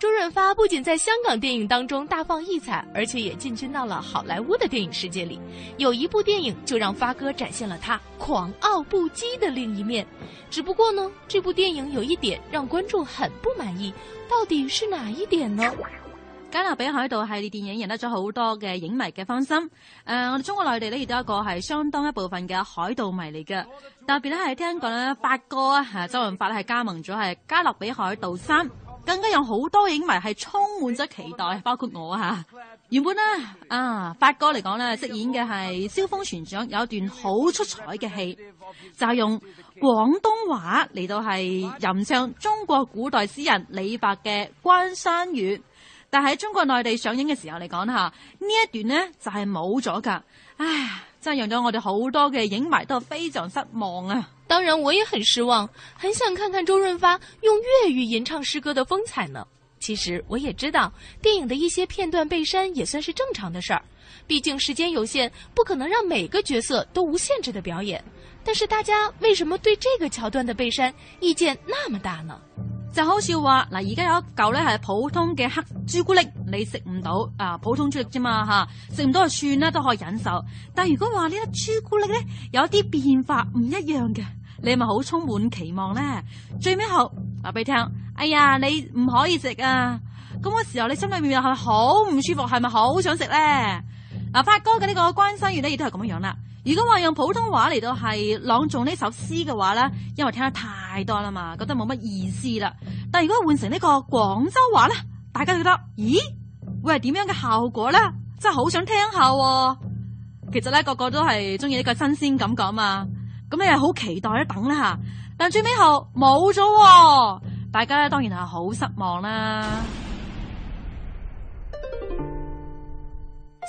周潤發不僅在香港電影當中大放異彩，而且也進軍到了好萊塢的電影世界裏。有一部電影就讓發哥展現了他狂傲不羈的另一面。只不過呢，這部電影有一點讓觀眾很不滿意。到底是哪一點呢？《加勒比海盜》系列電影贏得咗好多嘅影迷嘅芳心。誒、呃，我哋中國內地呢，亦都一個係相當一部分嘅海盜迷嚟嘅。特別呢係聽講呢，發哥啊，吓周潤發呢係加盟咗係《加勒比海盜三》。更加有好多影迷係充滿咗期待，包括我吓。原本咧，啊，發哥嚟講咧，飾演嘅係蕭峰船長，有一段好出彩嘅戲，就係用廣東話嚟到係吟唱中國古代詩人李白嘅《關山月》。但係喺中國內地上映嘅時候嚟講吓，呢一段呢就係冇咗噶，唉。讚揚咗我哋好多嘅影迷都非常失望啊！當然我也很失望，很想看看周潤發用粵語吟唱詩歌的風采呢。其實我也知道，電影的一些片段被刪也算是正常的事兒，畢竟時間有限，不可能讓每個角色都無限制的表演。但是大家為什麼對這個橋段的被刪意見那麼大呢？就好似話嗱，而家有一嚿咧係普通嘅黑朱古力，你食唔到啊？普通朱古力啫嘛吓，食唔到就算啦，都可以忍受。但係如果話呢粒朱古力咧有啲變化唔一樣嘅，你係咪好充滿期望咧？最尾後話俾你聽，哎呀，你唔可以食啊！咁個時候你心裏面係咪好唔舒服，係咪好想食咧？嗱、啊，發哥嘅呢個關心完咧，亦都係咁樣樣啦。如果話用普通話嚟到係朗誦呢首詩嘅話咧，因為聽得太多啦嘛，覺得冇乜意思啦。但如果換成呢個廣州話咧，大家覺得咦，會係點樣嘅效果咧？真係好想聽下啊。其實咧，個個都係中意呢個新鮮感覺啊嘛。咁你係好期待一等啦吓。但最尾後冇咗啊，大家咧當然係好失望啦。